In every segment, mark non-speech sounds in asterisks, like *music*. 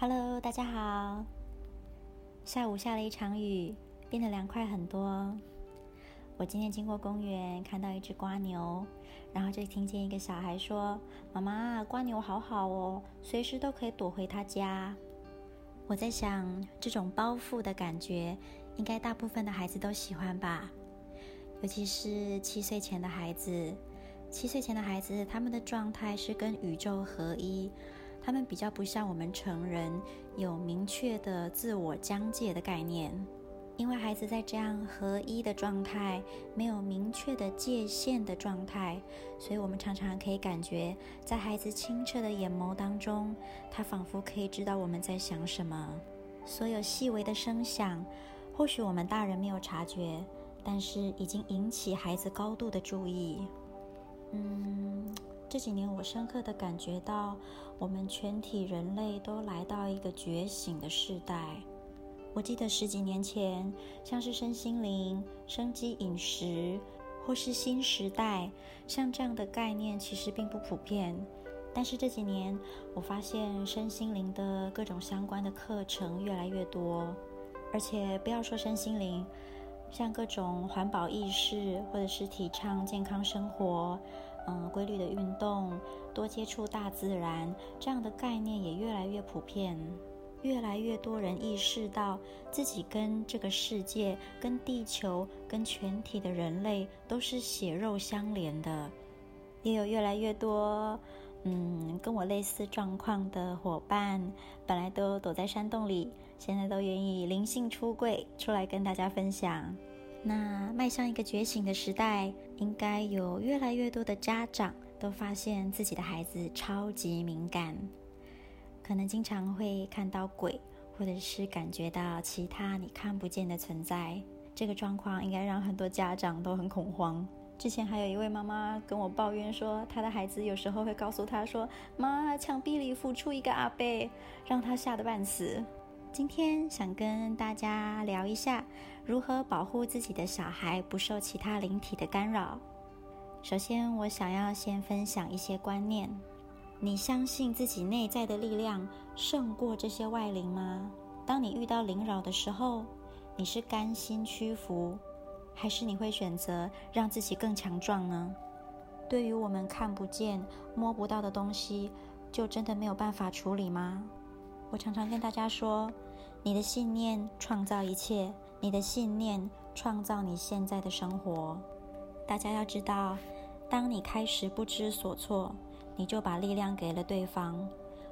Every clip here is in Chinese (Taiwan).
Hello，大家好。下午下了一場雨，變得涼快很多。我今天經過公園，看到一隻蝸牛，然後就聽見一個小孩說：“媽媽，蝸牛好好哦，隨時都可以躲回他家。”我在想，這種包覆的感覺，應該大部分的孩子都喜歡吧，尤其是七歲前的孩子。七歲前的孩子，他們的狀態是跟宇宙合一。他們比較不像我們成人有明確的自我疆界的概念，因為孩子在這樣合一的狀態，沒有明確的界限的狀態，所以我們常常可以感覺，在孩子清澈的眼眸當中，他仿佛可以知道我們在想什麼。所有細微的聲響，或許我們大人沒有察覺，但是已經引起孩子高度的注意。嗯。這幾年，我深刻地感覺到，我們全體人類都來到一個覺醒的時代。我記得十幾年前，像是身心靈、生機飲食，或是新時代，像這樣的概念其實並不普遍。但是這幾年，我發現身心靈的各種相關的課程越來越多，而且不要說身心靈，像各種環保意識，或者是提倡健康生活。嗯，規律的運動，多接觸大自然，這樣的概念也越來越普遍。越來越多人意識到自己跟這個世界、跟地球、跟全體的人類都是血肉相連的。也有越來越多，嗯，跟我類似狀況的夥伴，本來都躲在山洞裡，現在都願意靈性出櫃，出來跟大家分享。那邁向一個覺醒的時代，應該有越來越多的家長都發現自己的孩子超級敏感，可能經常會看到鬼，或者是感覺到其他你看不見的存在。這個狀況應該讓很多家長都很恐慌。之前還有一位媽媽跟我抱怨說，她的孩子有時候會告訴她說：“媽，牆壁裡浮出一個阿伯”，讓她嚇得半死。今天想跟大家聊一下如何保護自己的小孩不受其他靈體的干擾。首先，我想要先分享一些觀念：你相信自己內在的力量勝過這些外靈嗎？當你遇到靈擾的時候，你是甘心屈服，還是你會選擇讓自己更強壯呢？對於我們看不見、摸不到的東西，就真的沒有辦法處理嗎？我常常跟大家說，你的信念創造一切，你的信念創造你現在的生活。大家要知道，當你開始不知所措，你就把力量給了對方，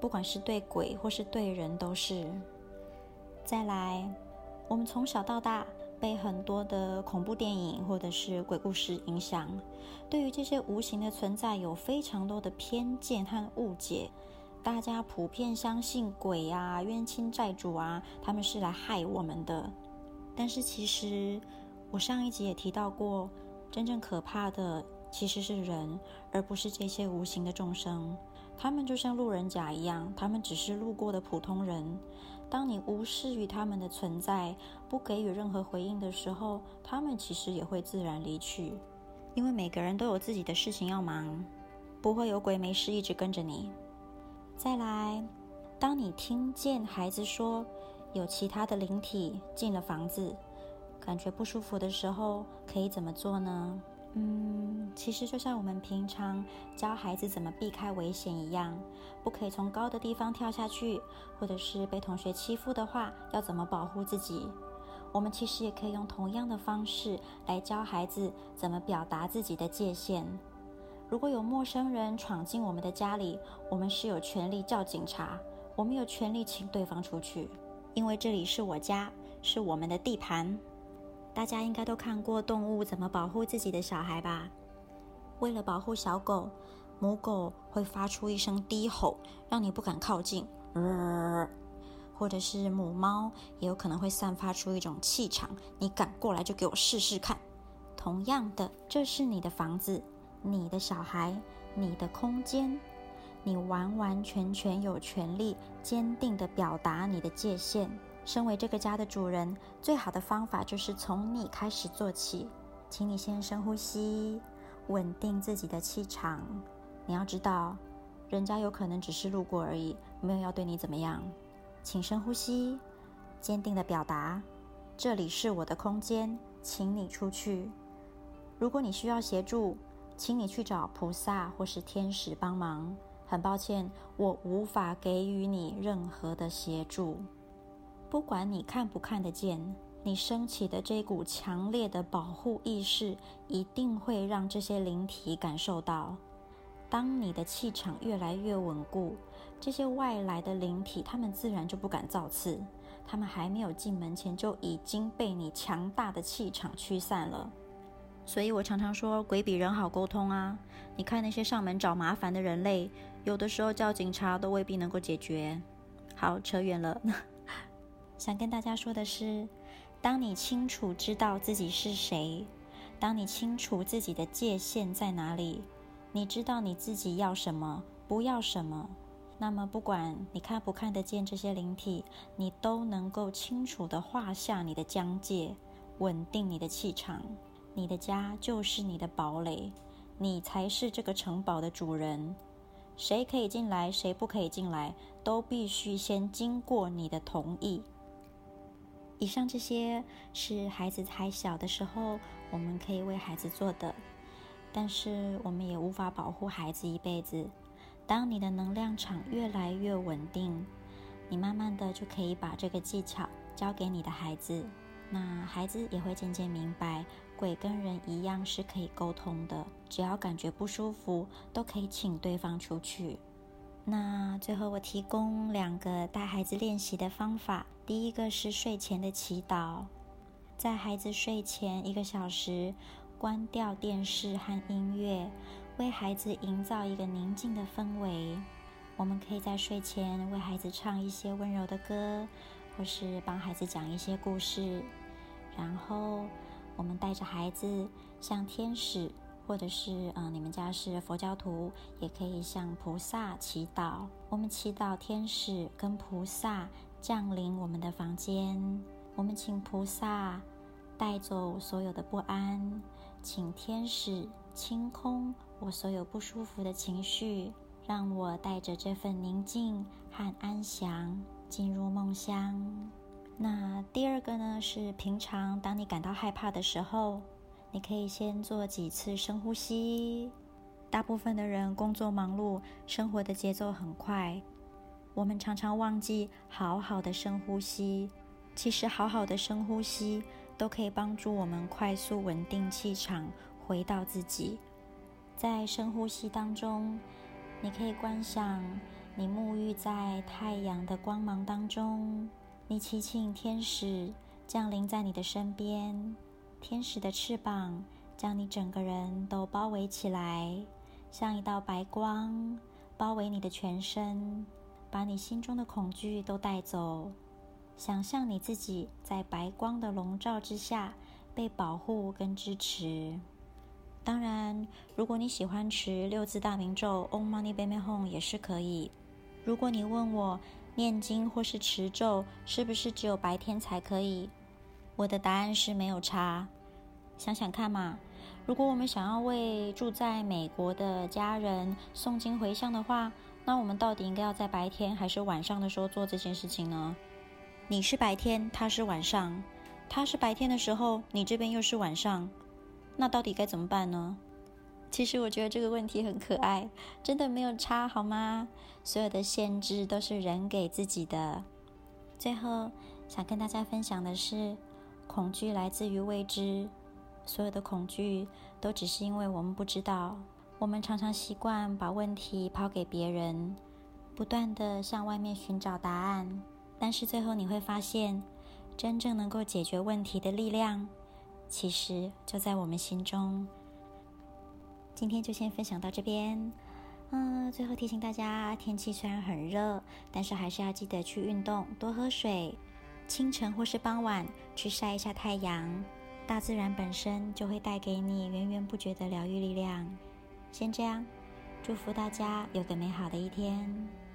不管是對鬼或是對人都是。再來，我們從小到大被很多的恐怖電影或者是鬼故事影響，對於這些無形的存在有非常多的偏見和誤解。大家普遍相信鬼啊、冤親債主啊，他們是來害我們的。但是其實，我上一集也提到過，真正可怕的其實是人，而不是這些無形的眾生。他們就像路人甲一樣，他們只是路過的普通人。當你無視於他們的存在，不給予任何回應的時候，他們其實也會自然離去。因為每個人都有自己的事情要忙，不會有鬼沒事一直跟着你。再來，當你聽見孩子說有其他的靈體進了房子，感覺不舒服的時候，可以怎麼做呢？嗯，其實就像我們平常教孩子怎麼避開危險一樣，不可以從高的地方跳下去，或者是被同學欺負的話，要怎麼保護自己？我們其實也可以用同樣的方式來教孩子怎麼表達自己的界限。如果有陌生人闖進我們的家裡，我們是有權利叫警察，我們有權利請對方出去，因為這裡是我家，是我們的地盤。大家應該都看過動物怎麼保護自己的小孩吧？為了保護小狗，母狗會發出一聲低吼，讓你不敢靠近。呃，或者是母貓也有可能會散發出一種氣場，你敢過來就給我試試看。同樣的，這是你的房子。你的小孩，你的空間，你完完全全有權利堅定地表達你的界限。身為這個家的主人，最好的方法就是從你開始做起。請你先深呼吸，穩定自己的氣場。你要知道，人家有可能只是路過而已，沒有要對你怎麼樣。請深呼吸，堅定地表達：這裡是我的空間，請你出去。如果你需要協助，請你去找菩薩或是天使幫忙，很抱歉，我無法給予你任何的協助。不管你看不看得見，你升起的這股強烈的保護意識，一定會讓這些靈體感受到。當你的氣場越來越穩固，這些外來的靈體，他們自然就不敢造次，他們還沒有進門前，就已經被你強大的氣場驅散了。所以我常常說，鬼比人好溝通啊！你看那些上門找麻煩的人類，有的時候叫警察都未必能夠解決。好，扯遠了。 *laughs* 想跟大家說的是，當你清楚知道自己是誰，當你清楚自己的界限在哪裡，你知道你自己要什麼，不要什麼，那麼不管你看不看得見這些靈體，你都能夠清楚的畫下你的疆界，穩定你的氣場。你的家就是你的堡壘，你才是這個城堡的主人。誰可以進來，誰不可以進來，都必須先經過你的同意。以上這些是孩子還小的時候，我們可以為孩子做的，但是我們也無法保護孩子一輩子。當你的能量場越來越穩定，你慢慢的就可以把這個技巧教給你的孩子。那孩子也會漸漸明白，鬼跟人一樣是可以溝通的，只要感覺不舒服，都可以請對方出去。那最後我提供兩個帶孩子練習的方法，第一個是睡前的祈禱，在孩子睡前一個小時，關掉電視和音樂，為孩子營造一個寧靜的氛圍。我們可以在睡前為孩子唱一些溫柔的歌，或是幫孩子講一些故事。然後，我們帶着孩子向天使，或者是嗯、呃，你們家是佛教徒，也可以向菩薩祈禱。我們祈禱天使跟菩薩降臨我們的房間，我們請菩薩帶走所有的不安，請天使清空我所有不舒服的情緒，讓我帶着這份寧靜和安詳進入夢鄉。那第二個呢，是平常當你感到害怕的時候，你可以先做幾次深呼吸。大部分的人工作忙碌，生活的節奏很快，我們常常忘記好好的深呼吸。其實好好的深呼吸都可以幫助我們快速穩定氣場，回到自己。在深呼吸當中，你可以觀想你沐浴在太陽的光芒當中。你祈請天使降臨在你的身邊，天使的翅膀將你整個人都包圍起來，像一道白光包圍你的全身，把你心中的恐懼都帶走。想象你自己在白光的籠罩之下被保護跟支持。當然，如果你喜歡持六字大明咒，嗡嘛呢叭咪吽也是可以。如果你問我，念經或是持咒，是不是只有白天才可以？我的答案是沒有差。想想看嘛，如果我們想要為住在美國的家人誦經回向的話，那我們到底應該要在白天還是晚上的時候做這件事情呢？你是白天，他是晚上；他是白天的時候，你這邊又是晚上，那到底該怎麼辦呢？其實我覺得這個問題很可愛，真的沒有差好嗎？所有的限制都是人給自己的。最後想跟大家分享的是，恐懼來自於未知，所有的恐懼都只是因為我們不知道。我們常常習慣把問題拋給別人，不斷地向外面尋找答案，但是最後你會發現，真正能夠解決問題的力量，其實就在我們心中。今天就先分享到這邊。嗯，最後提醒大家，天氣雖然很熱，但是還是要記得去運動，多喝水，清晨或是傍晚去曬一下太陽，大自然本身就會帶給你源源不絕的療癒力量。先這樣，祝福大家有個美好的一天。